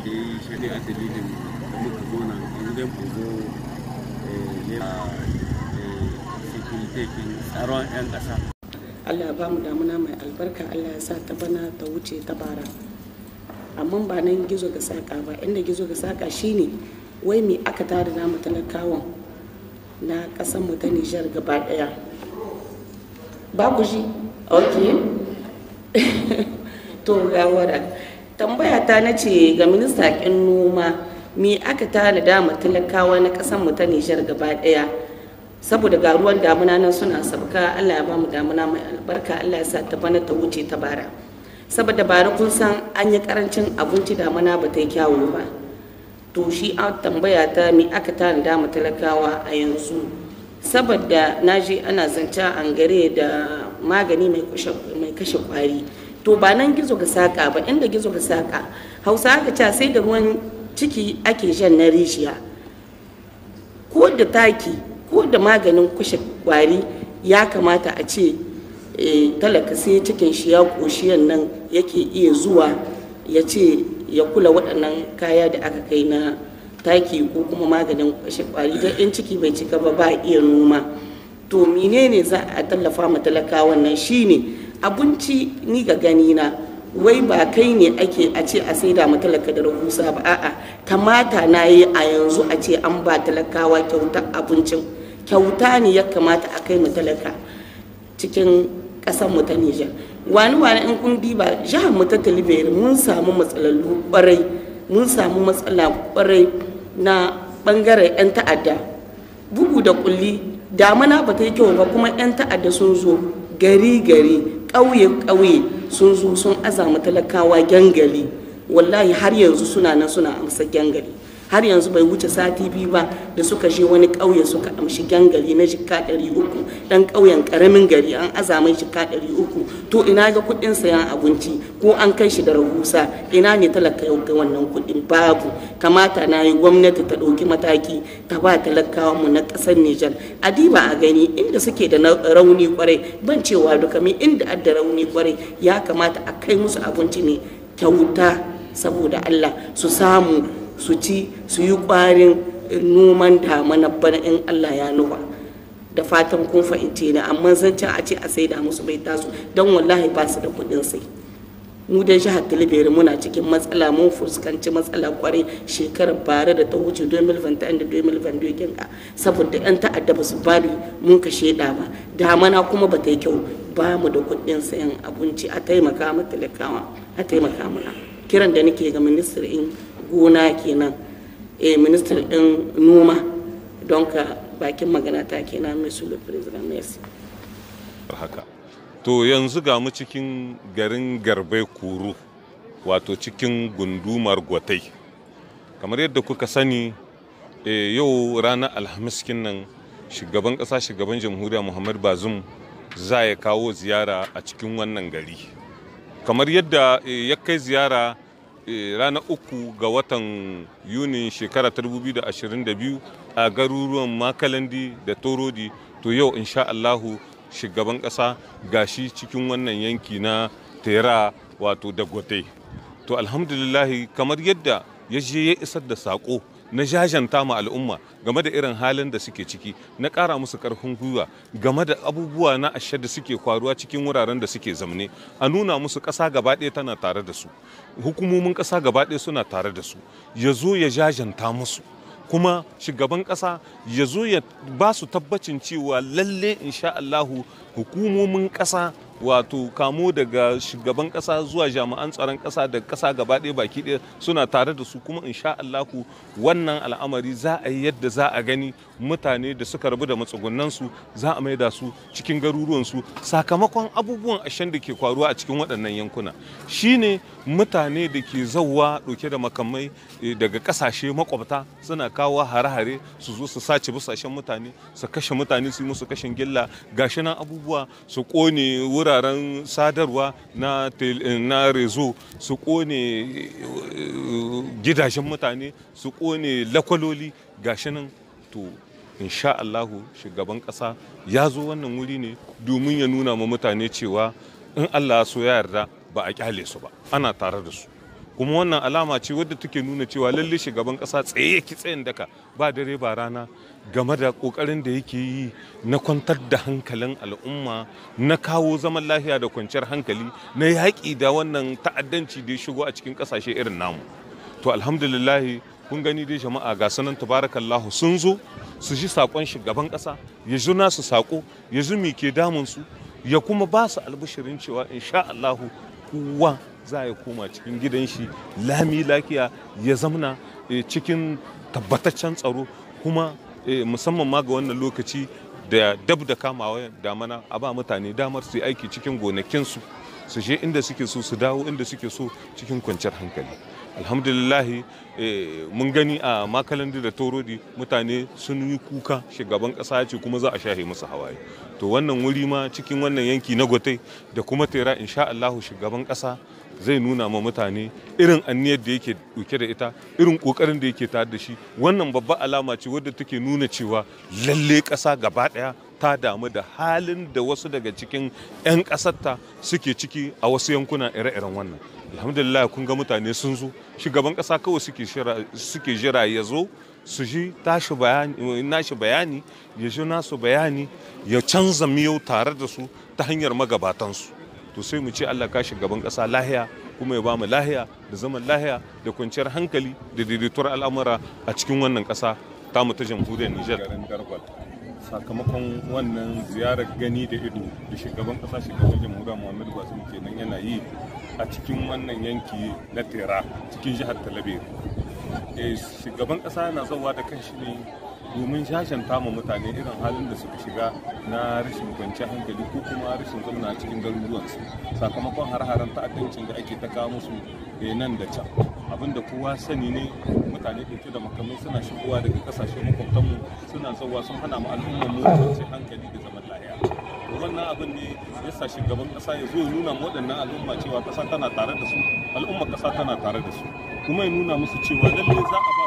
da ya yi shari'a dalilin da muka zo nan in mu zo tsaron 'yan ƙasa. Allah ya bamu damuna mai albarka Allah ya sa ta bana ta wuce ta bara. Amma ba nan gizo ga saƙa ba inda gizo ga saƙa shine wai me aka tada namu talakawan na ƙasar mu ta Nijar gaba ɗaya. Ba ku shi? Okay. to ga wadanda. tambaya ta na ce ga minista kin noma me aka tanada mu talakawa na kasan mu ta Niger gaba daya saboda ga ruwan damuna nan suna sabka Allah ya ba mu damuna mai albarka Allah ya sa ta bana ta wuce ta bara saboda bara kun san an yi karancin abinci damuna ba ta yi kyawu ba to shi an tambaya ta me aka tanada mu talakawa a yanzu saboda naji ana zance an gare da magani mai kashe kwari to ba nan gizo ga saka ba inda gizo ga saka hausa aka ca sai da ruwan ciki ake shan na rijiya ko da taki ko da maganin kushe kwari ya kamata a ce eh, talaka sai cikin shi ya koshiyan nan yake iya zuwa ya ce ya kula waɗannan kaya da aka kai na taki ko kuma maganin kushe kwari don in ciki bai cika ba ba iya noma to menene za a tallafa ma talaka wannan shine abinci ni ga gani na wai ba kai ne ake a ce a saida mu talaka da rahusa ba a'a kamata na yi a yanzu a ce an ba talakawa kyauta abincin kyauta ne ya kamata a kai mu talaka cikin ƙasar mu ta Nijar wani wani in kun diba jihar mu ta Tilibiri mun samu matsalalu kwarai mun samu matsala kwarai na bangaren 'yan ta'adda bugu da kulli damana ba ta yi kyau ba kuma 'yan ta'adda sun zo gari gari ƙauye-ƙauye sun zo sun azama talakawa gyangali wallahi har yanzu suna nan suna amsa gyangali har yanzu bai wuce sati biyu ba da suka je wani ƙauye suka amshi gyangali na jika kaɗari uku ɗan ƙauyen ƙaramin gari an azama jikka kaɗari uku to ina ga kuɗin sayan abinci ko an kai shi da rahusa ina ne talaka yau ga wannan kuɗin babu kamata na yi gwamnati ta ɗauki mataki ta ba talakawa mu na ƙasar Nijar adiba a gani inda suke da rauni kwarai ban cewa duka mi inda adda rauni kwarai ya kamata a kai musu abinci ne kyauta saboda Allah su samu su ci su yi kwarin noman damana bana in Allah ya nufa da fatan kun fahimce ni amma zan ci a ce a saida musu bai tasu don wallahi ba su da kuɗin sai mu da jihar talibiyar muna cikin matsala mun fuskanci matsala kwarai shekarar bare da ta wuce 2021 da 2022 ka saboda yan ta'adda ba su bari mun ka sheda ba mana kuma ba ta yi kyau ba mu da kuɗin sayan abinci a taimaka mu talakawa a taimaka mana kiran da nake ga ministan gona kenan eh ministan noma don ka bakin magana ta kenan monsieur le president merci haka to yanzu ga mu cikin garin garbe kuru wato cikin gundumar gwatai kamar yadda kuka sani eh, yau ranar alhamis nan shugaban ƙasa shugaban jamhuriya muhammad bazum za ya kawo ziyara a cikin wannan gari kamar yadda eh, ya kai ziyara eh, ranar uku ga watan yuni shekara 2022 a garuruwan makalandi da torodi to yau in sha allahu shugaban ƙasa gashi cikin wannan yanki na tera wato da gote to alhamdulillahi kamar yadda ya je ya isar da sako na jajanta ma al'umma game da irin halin da suke ciki na ƙara musu ƙarfin gwiwa game da abubuwa na ashe da suke kwaruwa cikin wuraren da suke zamne a nuna musu ƙasa gaba ɗaya tana tare da su hukumomin ƙasa gaba ɗaya suna tare da su ya zo ya jajanta musu kuma shugaban ƙasa ya zo ya ba su tabbacin cewa lalle insha Allahu hukumomin ƙasa wato kamo daga shugaban kasa zuwa jami'an tsaron kasa da kasa gaba ɗaya baki ɗaya suna tare da su kuma in sha Allahu wannan al'amari za a yi yadda za a gani mutane da suka rabu da su za a maida su cikin garuruwan su sakamakon abubuwan ashen da ke kwaruwa a cikin waɗannan yankuna shine mutane da ke zauwa ɗauke da makamai eh, daga ƙasashe makwabta suna kawo hare-hare su zo su sace busashen mutane su kashe mutane su yi musu kashin gilla gashi abubuwa su ƙone wurare wuraren sadarwa na rezo su kone eh, gidajen mutane su kone lakwaloli gashinan nan to insha Allahu shugaban kasa ya zo wannan wuri ne domin ya nuna ma mutane cewa in Allah so ya yarda ba a kyale su ba ana tare da su kuma wannan alama ce wadda take nuna cewa lalle shugaban kasa tsaye ki tsayin daka ba dare ba rana game da kokarin da yake yi na kwantar da hankalin al'umma na kawo zaman lafiya da kwanciyar hankali na yaƙi da wannan ta'addanci da ya shigo a cikin ƙasashe irin namu to alhamdulillahi kun gani dai jama'a ga sanan tabarakallahu sun zo su ji saƙon shugaban ƙasa ya ji nasu saƙo ya ji damun su ya kuma ba su albishirin cewa insha Allahu kowa za ya koma cikin gidan shi lami lafiya ya zamna eh, cikin tabbataccen tsaro kuma Eh, musamman ma ga wannan lokaci da dab da kamawa damana a ba mutane damar su yi aiki cikin gonakinsu su je inda suke so su dawo inda suke so cikin kwanciyar hankali alhamdulillahi eh, mun gani a makalandi da torodi mutane sun yi kuka shugaban kasa ce kuma za a shahe musu hawaye to wannan wuri ma cikin wannan yanki na gwatai da kuma tera insha allahu shugaban kasa zai nuna ma mutane irin anniyar da yake ɗauke da ita irin ƙoƙarin da yake tare da shi wannan babba alama ce wadda take nuna cewa lalle ƙasa gaba ɗaya ta damu da halin da wasu daga cikin 'yan ƙasarta suke ciki a wasu yankuna ire-iren wannan alhamdulillah kun ga mutane sun zo shugaban ƙasa kawai suke jira ya zo su ji nashi bayani ya ji bayani ya canza miyau tare da su ta hanyar magabatansu to sai mu ce Allah ka gaban ƙasa lahiya kuma ya mu lahiya da zaman lahiya da kwanciyar hankali da daidaituwar al'amura a cikin wannan ƙasa mu ta jamhuriyar Nijar. sakamakon wannan ziyarar gani da ido da shugaban ƙasa shugaban jamhuriyar muhammadu basu kenan yana yi a cikin wannan yanki na tera cikin jihar talabir eh, shugaban ƙasa yana zauwa da kanshi ne domin jajanta ma mutane irin halin da suka shiga na rashin kwanciyar hankali ko kuma rashin zamna a cikin garuruwansu sakamakon har-haren ta'addancin da ake ta kawo musu eh, nan da can abinda kowa sani ne mutane ɗauke da makamai suna shigowa daga ƙasashen makwabtanmu suna zauwa sun hana mu al'ummar mu kwanciyar hankali da zaman lafiya to wannan abin ne ya sa shugaban ƙasa ya zo ya nuna mu waɗannan al'umma cewa ƙasa tana tare da su al'ummar ƙasa tana tare da su kuma ya nuna musu cewa lallai za a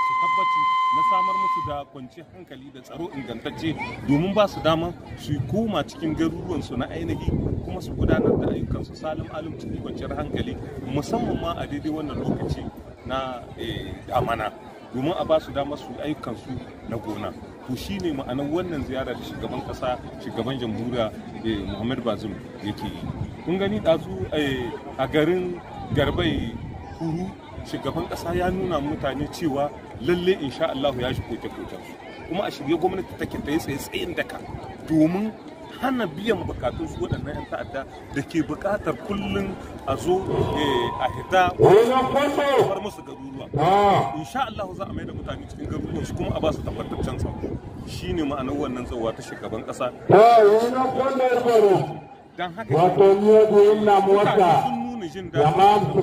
samar musu da kwanci hankali da tsaro ingantacce domin ba su dama su koma cikin garuruwansu na ainihi kuma su gudanar da ayyukansu salim alim cikin kwanciyar hankali musamman ma a daidai wannan lokaci na eh, amana domin a ba su dama su ayyukansu na gona to shi ne ma'anar wannan ziyara da shugaban kasa shugaban jamhuriya eh, muhammad bazum yake yi kun gani ɗazu eh, a garin garbai kuru shugaban kasa ya nuna mutane cewa lalle insha Allah ya shigo koke koken kuma a shirye gwamnati take ta yi tsaye tsayin daka domin hana biyan bukatun su waɗannan 'yan ta'adda da ke bukatar kullum a zo eh, a hita bar musu garuruwa ah. insha Allah za a mai da mutane cikin garuruwan su kuma a ba su tabbataccen tsaro shine ma'anar wannan tsawa ta shugaban kasa don haka sun mu jin daɗi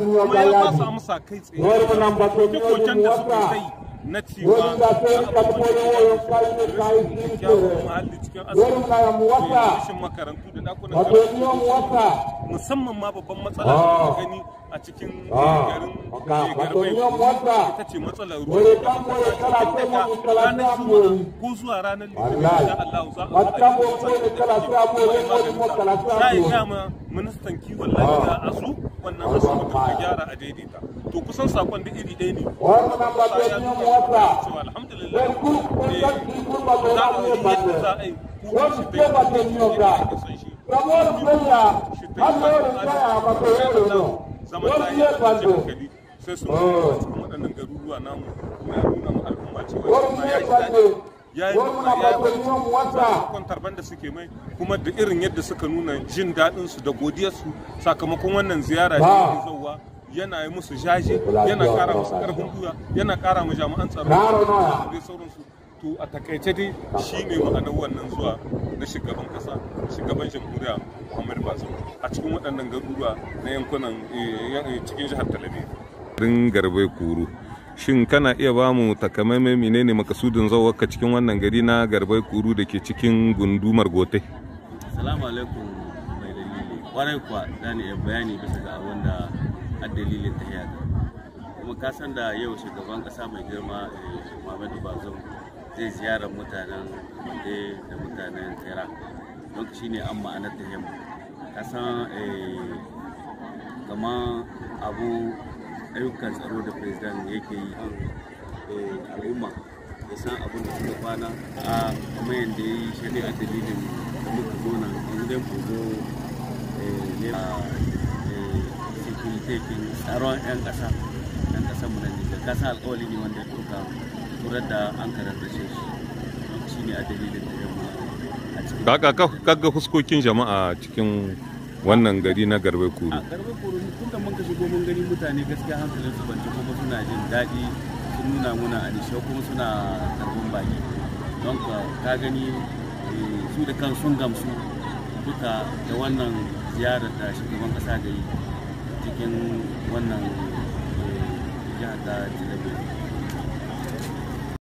kuma ya ba su amsa kai tsaye wasa koken da suka kai na cewa da abubuwan da ya kyawun muhalli cikin asibiti da rashin makarantu da ɗakunan karatu musamman ma babban matsala ah. da gani a cikin ah. garin garbai ita ce matsalar ruwa da ranar juma'a ko zuwa ranar litinin za a haɗa yi ministan kiwon lafiya ah. a su wannan gyara a to kusan sakon da iri ɗaya ne alhamdulillah za a yi yi shi bai da hankali sai sun zo cikin waɗannan garuruwa namu kuma ya nuna mu al'umma cewa kuma ya ji daɗi ya yi nuna ya yi kwantar suke mai kuma da irin yadda suka nuna jin daɗinsu da godiyarsu sakamakon wannan ziyara da yake zauwa yana yi musu jaje yana ƙara musu ƙarfin gwiwa yana ƙara ma jami'an tsaro da sauransu to a takaice shi ne ma'anar wannan zuwa na shugaban kasa shugaban jamhuriya muhammad bazum a cikin waɗannan garuruwa na yankunan eh, eh, cikin jihar talabi garin garbai kuru shin kana iya ba mu takamaimai menene makasudin zawarka cikin wannan gari na garbai kuru da ke cikin gundumar gote salamu alaikum mai dalili kwarai kuwa za ni bayani bisa ga abin da dalilin ta kuma ka san da yau shugaban kasa mai girma eh, muhammadu bazum zai ziyarar mutanen mande da mutanen tera don shi ne an ma'anar ta yamma kasan gama eh, abu ayyukan tsaro da president yake yi eh, al'umma da san abin da suka kwana a kuma yadda ya yi shari'a dalilin da muka zona in zai ku zo eh, ne a tsaron 'yan ƙasa 'yan ƙasa mu na nijar kasan alƙawali ne wanda ya ɗauka turar da an kaga huskokin jama'a cikin wannan gari na garbe kuru a garbe kuru tun da mun kashe gomin gani mutane gaskiya hankalin su bance kuma suna jin daɗi sun nuna muna nishe kuma suna karbon baki don ka gani eh, su da kan sun gamsu duka da wannan ziyarar da shugaban kasa ga yi cikin wannan eh, jihar ta